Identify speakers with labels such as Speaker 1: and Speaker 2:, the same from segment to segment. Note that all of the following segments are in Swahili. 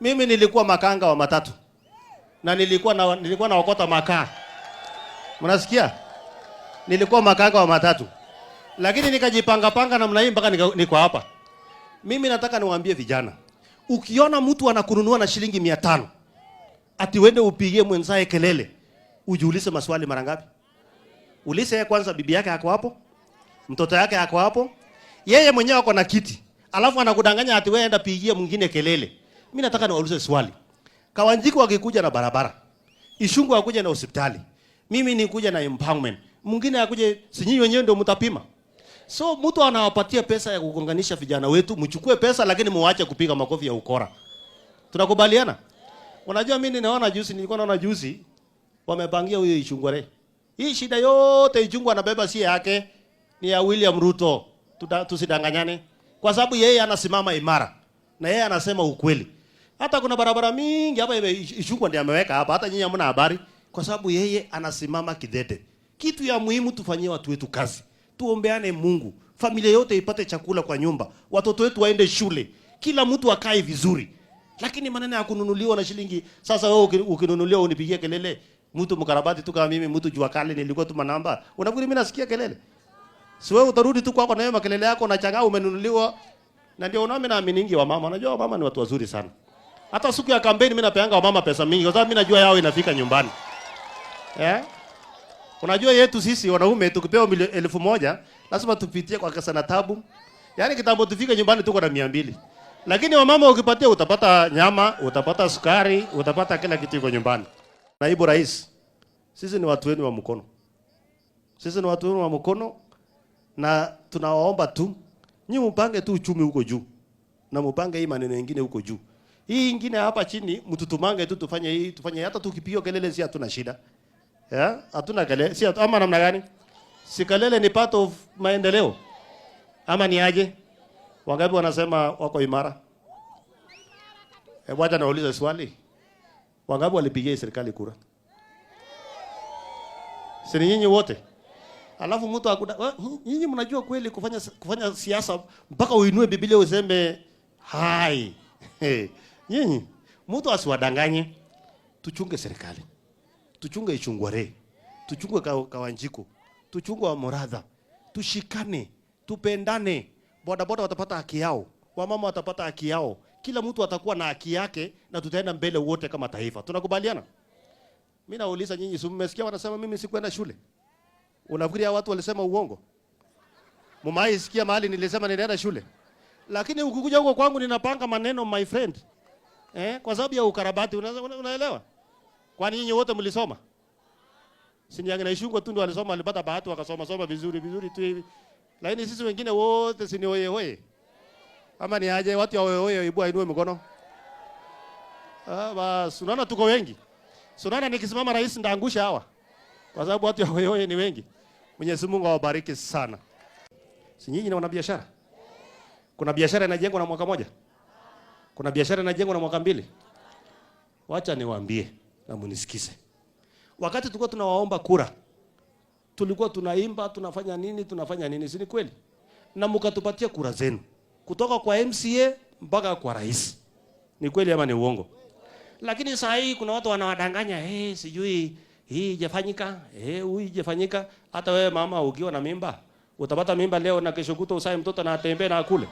Speaker 1: Mimi nilikuwa makanga wa matatu na nilikuwa na, nilikuwa naokota makaa. Mnasikia? Nilikuwa makanga wa matatu, lakini nikajipanga panga namna hii mpaka niko hapa. Mimi nataka niwaambie vijana, ukiona mtu anakununua na shilingi mia tano ati wende upigie mwenzae kelele, ujiulize maswali mara ngapi? Ulize yeye kwanza, bibi yake ako hapo, mtoto yake ako hapo, yeye mwenyewe ako na kiti, alafu anakudanganya ati wewe enda pigie mwingine kelele. Mimi nataka niwaulize swali. Kawanjiku wakikuja na barabara, Ishungu akuja na hospitali, mimi nikuja na empowerment, mwingine akuje, si nyinyi wenyewe ndio mtapima? So mtu anawapatia pesa ya kugonganisha vijana wetu, mchukue pesa lakini muache kupiga makofi ya ukora. Tunakubaliana? Unajua mimi ninaona juzi, nilikuwa naona juzi wamepangia huyo Ichungware. Hii shida yote Ichungwa anabeba si yake, ni ya William Ruto. Tusidanganyane. Kwa sababu yeye anasimama imara na yeye anasema ukweli. Hata kuna barabara mingi hapa ishukwa ndio ameweka hapa. Hata nyinyi hamna habari kwa sababu yeye anasimama kidete. Kitu ya muhimu tufanyie watu wetu kazi. Tuombeane Mungu. Familia yote ipate chakula kwa nyumba. Watoto wetu waende shule. Kila mtu akae vizuri. Lakini maneno ya kununuliwa na shilingi sasa, wewe ukinunuliwa unipigie kelele. Mtu mkarabati tu kama mimi, mtu jua kali nilikuwa tu manamba. Unafikiri mimi nasikia kelele? Si wewe utarudi tu kwako na wewe makelele yako unachangaa umenunuliwa. Na ndio unaona mimi naamini wa mama. Unajua wa mama ni watu wazuri sana. Hata siku ya kampeni mimi napeanga wamama pesa mingi kwa sababu mimi najua yao inafika nyumbani. Eh? Unajua yetu sisi wanaume tukipewa elfu moja lazima tupitie kwa kesa na tabu. Yaani kitambo tufike nyumbani tuko na 200. mbili. Lakini wamama ukipatia utapata nyama, utapata sukari, utapata kila kitu iko nyumbani. Naibu Rais, sisi ni watu wenu wa mkono. Sisi ni watu wenu wa mkono na tunawaomba tu nyinyi mpange tu uchumi huko juu na mpange hii maneno mengine huko juu. Hii ingine hapa chini mtutumange tu tufanye hii tufanye hata tukipiga kelele si hatuna shida. Ya? Hatuna kelele. Si ama namna gani? Si kelele ni part of maendeleo. Ama ni aje? Wangapi wanasema wako imara? Eh, wacha nauliza swali. Wangapi walipigia serikali kura? Si nyinyi wote? Alafu mtu akuda, nyinyi mnajua kweli kufanya kufanya siasa mpaka uinue Biblia useme hai. Nyinyi mtu asiwadanganye. Tuchunge serikali, tuchunge Ichungware, tuchunge Kawanjiko, tuchunge wa Moradha, tushikane, tupendane. Bodaboda watapata haki yao, wamama watapata haki yao, kila mtu atakuwa na haki yake, na tutaenda mbele wote kama taifa. Tunakubaliana? Mimi nauliza nyinyi, si mmesikia wanasema mimi sikwenda shule? Unafikiri hao watu walisema uongo? Mumaisikia sikia mahali nilisema nilienda shule, lakini ukikuja huko kwangu ninapanga maneno my friend eh, kwa sababu ya ukarabati. Unaelewa? Kwani nyinyi wote mlisoma? Shinyanga na Ishungwa tu ndio alisoma alipata bahati wakasoma soma vizuri vizuri tu hivi. Lakini sisi wengine wote si ni oye oye. Ama ni aje watu ya oye oye ibua inue mkono. Ah, basi unaona tuko wengi. So nikisimama rais ndaangusha hawa. Kwa sababu watu ya oye oye ni wengi. Mwenyezi Mungu awabariki sana. Si nyinyi na wana biashara? Kuna biashara inajengwa na mwaka mmoja kuna biashara inajengwa na mwaka mbili? Wacha niwaambie na munisikize. Wakati tulikuwa tunawaomba kura, tulikuwa tunaimba, tunafanya nini, tunafanya nini, si ni kweli? Na mkatupatia kura zenu kutoka kwa MCA mpaka kwa rais. Ni kweli ama ni uongo? Lakini saa hii kuna watu wanawadanganya, hey, eh, sijui hii ijafanyika, eh, hey, huyu ijafanyika. Hata wewe mama ukiwa na mimba, utapata mimba leo na kesho kuto usae mtoto na atembee na akule.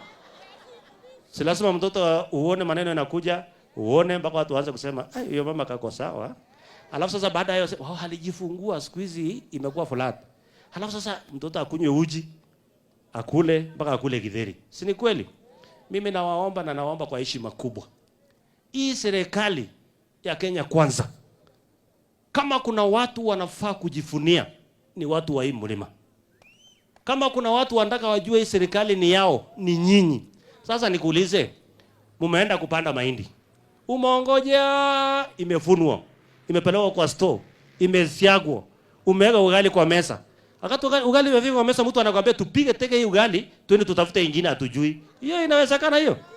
Speaker 1: Si lazima mtoto uone maneno yanakuja, uone mpaka watu waanze kusema, "Eh, hiyo mama kako sawa." Alafu sasa baada ya hiyo, "Wao halijifungua siku hizi imekuwa fulani." Alafu sasa mtoto akunywe uji, akule mpaka akule githeri. Si ni kweli? Mimi nawaomba na nawaomba kwa heshima kubwa. Hii serikali ya Kenya kwanza. Kama kuna watu wanafaa kujifunia ni watu wa hii mlima. Kama kuna watu wanataka wajue hii serikali ni yao, ni nyinyi. Sasa nikuulize, mumeenda kupanda mahindi, umeongoja, imefunua imepelekwa kwa store, imesiagwa, umeweka ugali kwa mesa. Wakati ugali umefika kwa mesa, mtu anakuambia tupige teke hii ugali, twende tutafute ingine, hatujui. Hiyo inawezekana hiyo?